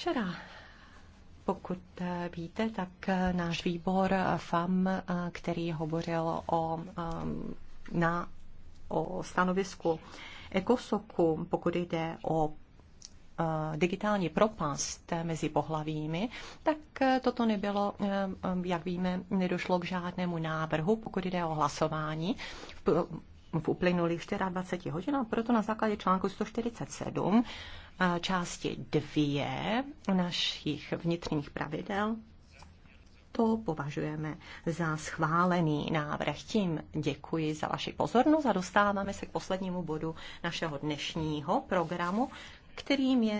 Včera, pokud eh, víte, tak eh, náš výbor eh, FAM, který hovořil o, na, o stanovisku ECOSOKu, pokud jde o digitální propast mezi pohlavími, tak toto nebylo, jak víme, nedošlo k žádnému návrhu, pokud jde o hlasování v uplynulých 24 hodinách, proto na základě článku 147 eh, části dvě našich vnitřních pravidel to považujeme za schválený návrh. Tím děkuji za vaši pozornost a dostáváme se k poslednímu bodu našeho dnešního programu, kterým je